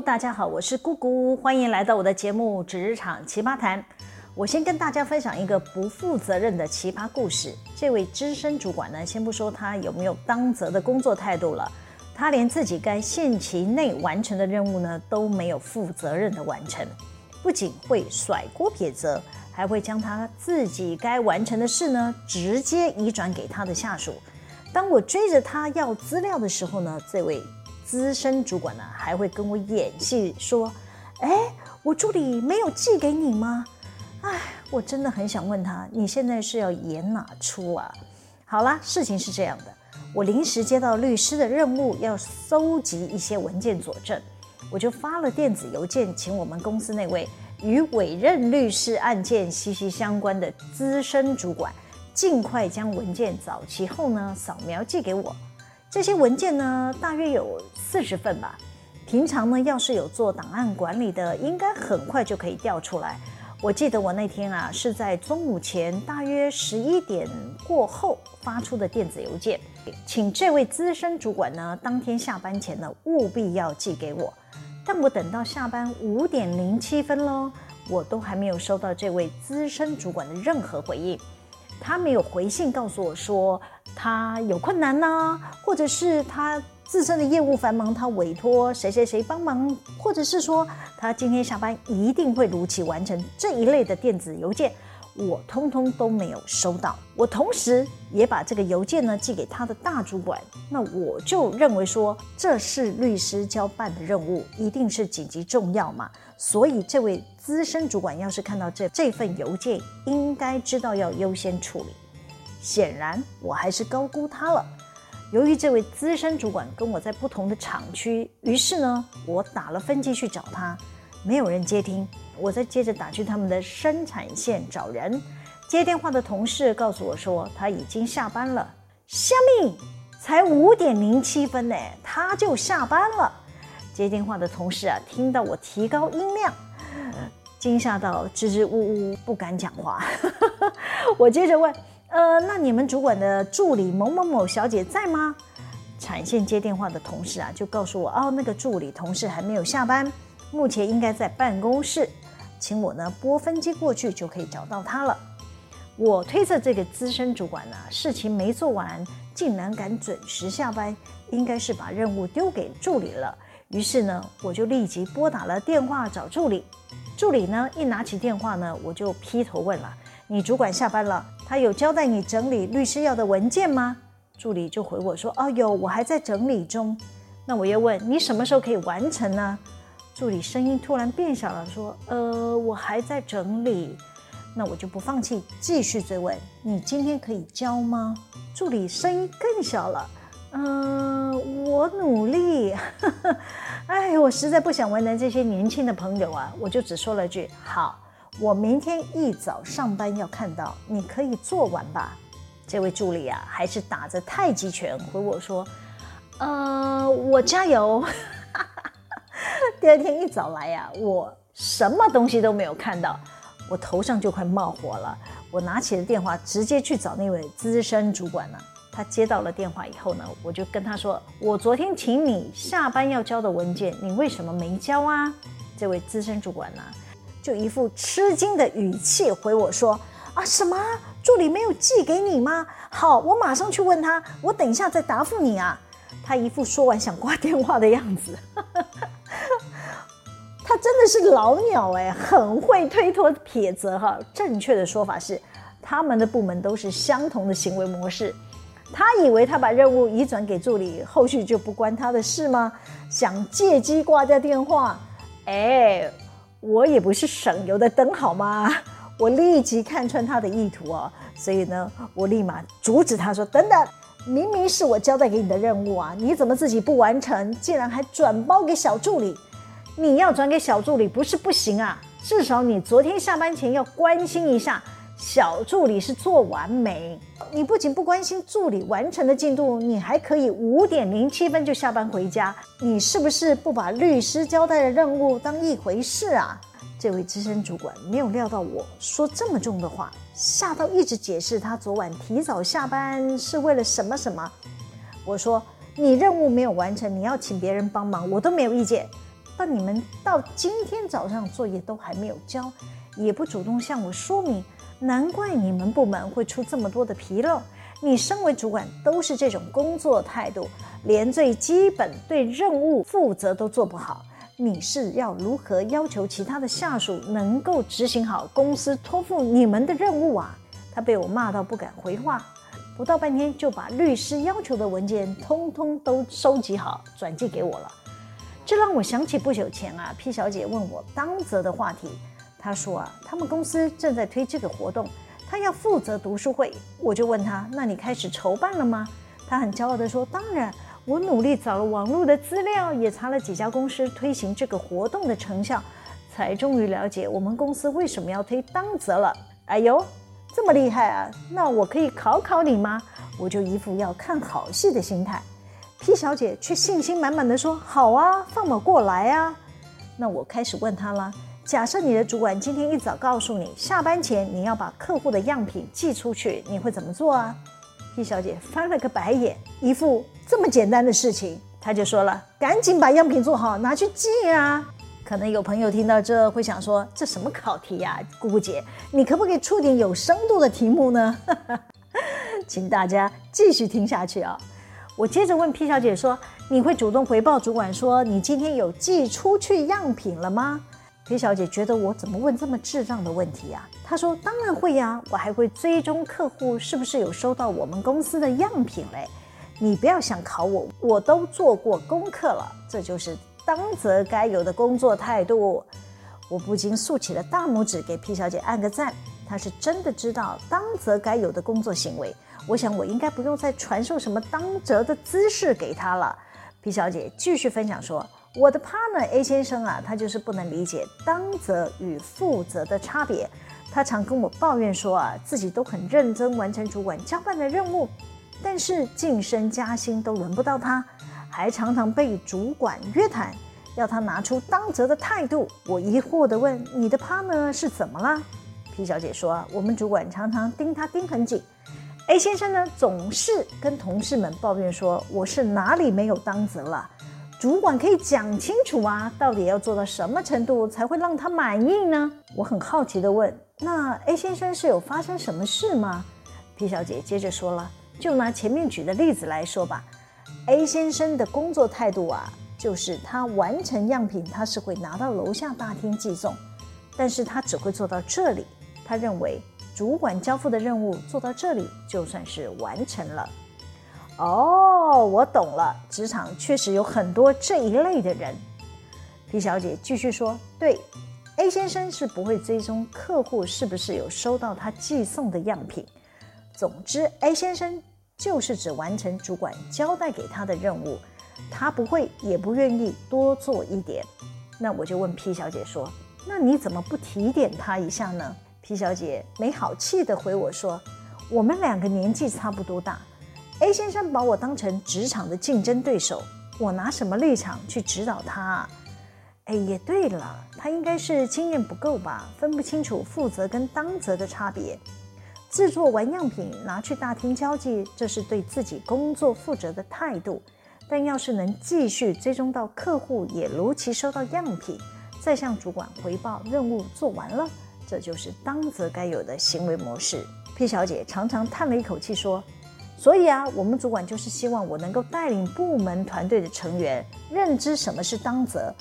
大家好，我是姑姑，歡迎來到我的節目《職場奇葩談》。我先跟大家分享一個不負責任的奇葩故事。這位資深主管呢，先不說他有沒有當責的工作態度了，他連自己該限期內完成的任務呢都沒有負責任的完成，不僅會甩鍋撇責，還會將他自己該完成的事呢直接移轉給他的下屬。當我追着他要資料的時候呢，這位，資深主管呢，還會跟我演戲說：“哎，我助理沒有寄給你嗎？”哎，我真的很想問他，你現在是要演哪出啊？好啦，事情是這樣的，我臨時接到律師的任務，要搜集一些文件佐證，我就發了電子郵件，請我們公司那位與委任律師案件息息相關的資深主管，盡快將文件找齊後呢，掃描寄給我。這些文件呢，大約有四十份吧。平常呢，要是有做檔案管理的，應該很快就可以調出來。我記得我那天啊，是在中午前大約十一點過後發出的電子郵件，請這位資深主管呢，當天下班前呢，務必要寄給我。但我等到下班五點零七分嘍，我都還沒有收到這位資深主管的任何回應。他沒有回信告訴我說，他有困難吶、啊，或者是他自身的業務繁忙，他委托誰誰誰幫忙，或者是說他今天下班一定會如期完成這一類的電子郵件。我通通都沒有收到，我同時也把這個郵件呢寄給他的大主管，那我就認為說這是律師交辦的任務，一定是緊急重要嘛，所以這位資深主管要是看到這這份郵件，應該知道要優先處理。顯然我還是高估他了，由於這位資深主管跟我在不同的廠區，於是呢，我打了分機去找他。沒有人接聽，我再接着打去他們的生產線找人。接電話的同事告訴我說，他已經下班了。蝦米？才五點零七分呢，他就下班了。接電話的同事啊，聽到我提高音量，驚嚇到支支吾吾不敢講話。 我接着問，呃，那你們主管的助理某某某小姐在嗎？產線接電話的同事啊，就告訴我，哦，那個助理同事還沒有下班。目前應該在辦公室，請我呢撥分機過去就可以找到他了。我推測這個資深主管呢、啊、事情沒做完，竟然敢準時下班，應該是把任務丟給助理了。於是呢，我就立即撥打了電話找助理。助理呢一拿起電話呢，我就劈頭問了：“你主管下班了，他有交代你整理律師要的文件嗎？”助理就回我說：“哦，有，我還在整理中。”那我又問：“你什麼時候可以完成呢？”助理聲音突然變小了，說：“呃，我還在整理，那我就不放棄，繼續追問，你今天可以交嗎？”助理聲音更小了，嗯、呃，我努力。 哎，我實在不想為難這些年輕的朋友啊，我就只說了句：“好，我明天一早上班要看到，你可以做完吧。”這位助理啊，還是打着太極拳回我說：“呃，我加油。”第二天一早來呀、啊，我什麼東西都沒有看到，我頭上就快冒火了。我拿起了電話，直接去找那位資深主管了、啊。他接到了電話以後呢，我就跟他說：“我昨天請你下班要交的文件，你為什麼沒交啊？”這位資深主管呢、啊，就一副吃驚的語氣回我說：“啊，什麼？助理沒有寄給你嗎？好，我馬上去問他，我等一下再答覆你啊。”他一副說完想掛電話的樣子。呵呵真的是老鳥誒，很會推脫撇責哈。正確的說法是，他們的部門都是相同的行為模式。他以為他把任務移轉給助理，後續就不關他的事嗎？想借機掛掉電話？哎，我也不是省油的燈好嗎？我立即看穿他的意圖哦，所以呢，我立馬阻止他說：“等等，明明是我交代給你的任務啊，你怎麼自己不完成，竟然還轉包給小助理？”你要轉給小助理不是不行啊，至少你昨天下班前要關心一下小助理是做完沒？你不僅不關心助理完成的進度，你還可以五點零七分就下班回家，你是不是不把律師交代的任務當一回事啊？這位資深主管沒有料到我說這麼重的話，嚇到一直解釋他昨晚提早下班是為了什麼什麼。我說你任務沒有完成，你要請別人幫忙，我都沒有意見。但你們到今天早上作業都還沒有交，也不主動向我說明，難怪你們部門會出這麼多的紕漏。你身為主管，都是這種工作態度，連最基本對任務負責都做不好。你是要如何要求其他的下屬能夠執行好公司託付你們的任務啊？他被我罵到不敢回話，不到半天就把律師要求的文件通通都收集好，轉寄給我了。這讓我想起不久前啊，P 小姐問我當責的話題。她說啊，他們公司正在推這個活動，她要負責讀書會。我就問她，那你開始籌辦了嗎？她很驕傲地說：“當然，我努力找了網絡的資料，也查了幾家公司推行這個活動的成效，才終於了解我們公司為什麼要推當責了。”哎呦，這麼厲害啊！那我可以考考你嗎？我就一副要看好戲的心態。T 小姐卻信心滿滿的說：“好啊，放馬過來啊！”那我開始問她了：“假設你的主管今天一早告訴你，下班前你要把客戶的樣品寄出去，你會怎麼做啊？”T 小姐翻了個白眼，一副這麼簡單的事情，她就說了：“趕緊把樣品做好，拿去寄啊！”可能有朋友聽到這會想說：“這什麼考題呀、啊，姑姑姐，你可不可以出點有深度的題目呢？” 請大家繼續聽下去啊、哦！我接着問 P 小姐說：“你會主動回報主管說你今天有寄出去樣品了嗎？”P 小姐覺得我怎麼問這麼智障的問題呀、啊？她說：“當然會呀、啊，我還會追蹤客戶是不是有收到我們公司的樣品嘞。”你不要想考我，我都做過功課了，這就是當責該有的工作態度。我不禁豎起了大拇指給 P 小姐按個讚。他是真的知道當責該有的工作行為，我想我應該不用再傳授什麼當責的姿勢給他了。畢小姐繼續分享說：“我的 partner A 先生啊，他就是不能理解當責與負責的差別。他常跟我抱怨說啊，自己都很認真完成主管交辦的任務，但是晉升加薪都輪不到他，還常常被主管約談，要他拿出當責的態度。”我疑惑地問：“你的 partner 是怎麼了？”皮小姐說：“我們主管常常盯他盯很緊，A 先生呢，總是跟同事們抱怨說，我是哪裡沒有當責了。主管可以講清楚啊，到底要做到什麼程度才會讓他滿意呢？”我很好奇地問：“那 A 先生是有發生什麼事嗎？”皮小姐接着說了：“就拿前面舉的例子來說吧，A 先生的工作態度啊，就是他完成樣品，他是會拿到樓下大廳寄送，但是他只會做到這裡。”他認為主管交付的任務做到這裡就算是完成了。哦，我懂了，職場確實有很多這一類的人。P 小姐繼續說：“對，A 先生是不會追蹤客戶是不是有收到他寄送的樣品。總之，A 先生就是只完成主管交代給他的任務，他不會也不願意多做一點。那我就問 P 小姐說，那你怎麼不提點他一下呢？”皮小姐沒好氣地回我說：“我們兩個年紀差不多大，A 先生把我當成職場的競爭對手，我拿什麼立場去指導他？哎，也對了，他應該是經驗不夠吧，分不清楚負責跟當責的差別。製作完樣品拿去大廳交寄，這是對自己工作負責的態度。但要是能繼續追蹤到客戶，也如期收到樣品，再向主管回報任務做完了。”這就是當責該有的行為模式。P 小姐常常嘆了一口氣說：“所以啊，我們主管就是希望我能夠帶領部門團隊的成員認知什麼是當責，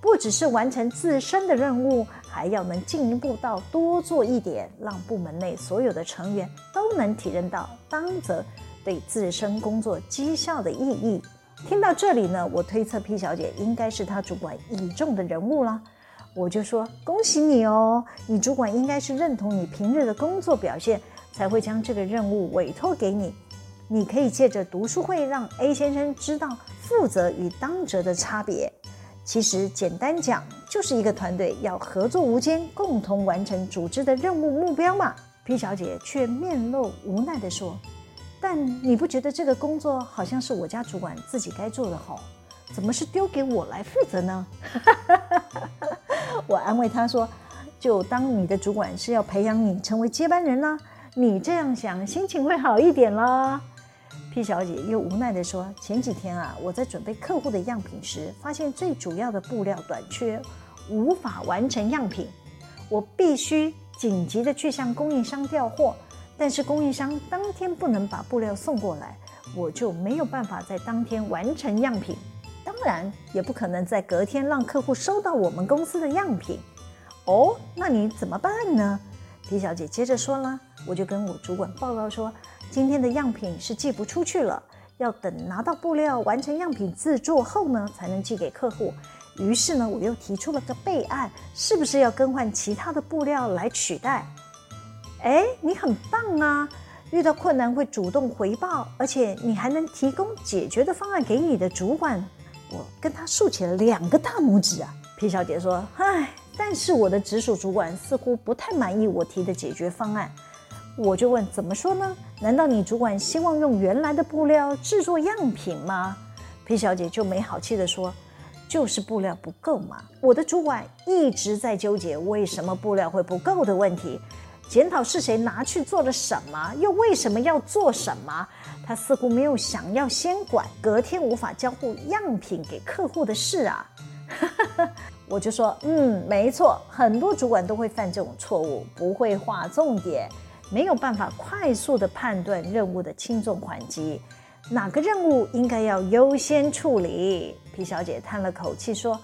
不只是完成自身的任務，還要能進一步到多做一點，讓部門內所有的成員都能體認到當責對自身工作績效的意義。”聽到這裡呢，我推測 P 小姐應該是她主管倚重的人物了。我就說，恭喜你哦，你主管應該是認同你平日的工作表現，才會將這個任務委托給你。你可以借着讀書會讓 A 先生知道負責與當責的差別。其實簡單講，就是一個團隊要合作無間，共同完成組織的任務目標嘛。P 小姐卻面露無奈地說：“但你不覺得這個工作好像是我家主管自己該做的好，怎麼是丟給我來負責呢？”哈，哈哈哈哈。我安慰她說：“就當你的主管是要培養你成為接班人呢，你這樣想，心情會好一點啦。”P 小姐又無奈地說：“前幾天啊，我在準備客戶的樣品時，發現最主要的布料短缺，無法完成樣品。我必須緊急的去向供應商調貨，但是供應商當天不能把布料送過來，我就沒有辦法在當天完成樣品。”當然也不可能在隔天讓客戶收到我們公司的樣品。哦，那你怎麼辦呢？李小姐接着說了，我就跟我主管報告說，今天的樣品是寄不出去了，要等拿到布料完成樣品製作後呢，才能寄給客戶。於是呢，我又提出了個備案，是不是要更換其他的布料來取代？誒，你很棒啊！遇到困難會主動回報，而且你還能提供解決的方案給你的主管。我跟他豎起了兩個大拇指啊！皮小姐說：“哎，但是我的直屬主管似乎不太滿意我提的解決方案。”我就問：“怎麼說呢？難道你主管希望用原來的布料制作樣品嗎？”皮小姐就沒好氣地說：“就是布料不夠嘛！我的主管一直在糾結為什麼布料會不夠的問題。”檢討是誰拿去做了什麼，又為什麼要做什麼？他似乎沒有想要先管隔天無法交付樣品給客戶的事啊！ 我就說，嗯，沒錯，很多主管都會犯這種錯誤，不會畫重點，沒有辦法快速的判斷任務的輕重緩急，哪個任務應該要優先處理。皮 小姐嘆了口氣說：“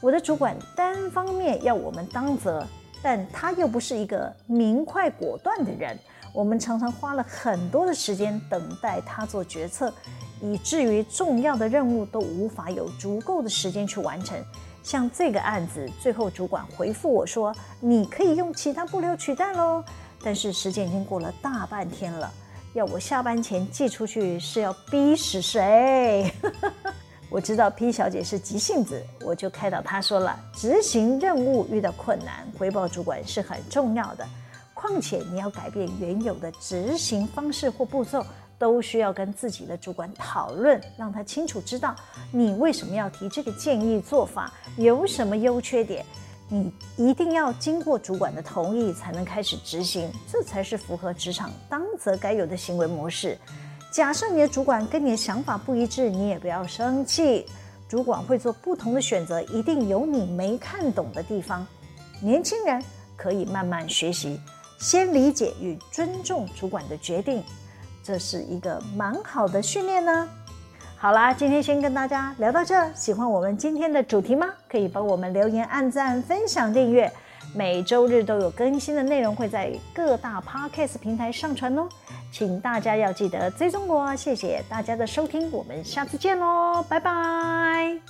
我的主管單方面要我們當責。”但他又不是一個明快果斷的人，我們常常花了很多的時間等待他做決策，以至於重要的任務都無法有足夠的時間去完成。像這個案子，最後主管回復我說：“你可以用其他物料取代嘍。”但是時間已經過了大半天了，要我下班前寄出去是要逼死誰？ 我知道 P 小姐是急性子，我就開導她說了：執行任務遇到困難，回報主管是很重要的。況且你要改變原有的執行方式或步驟，都需要跟自己的主管討論，讓他清楚知道你為什麼要提這個建議做法，有什麼優缺點。你一定要經過主管的同意才能開始執行，這才是符合職場當責該有的行為模式。假設你的主管跟你的想法不一致，你也不要生氣。主管會做不同的選擇，一定有你沒看懂的地方。年輕人可以慢慢學習，先理解與尊重主管的決定，這是一個蠻好的訓練呢。好啦，今天先跟大家聊到這。喜歡我們今天的主題嗎？可以幫我們留言、按讚、分享、訂閱。每週日都有更新的內容會在各大 Podcast 平台上傳哦，請大家要記得追蹤我，謝謝大家的收聽，我們下次見嘍，拜拜。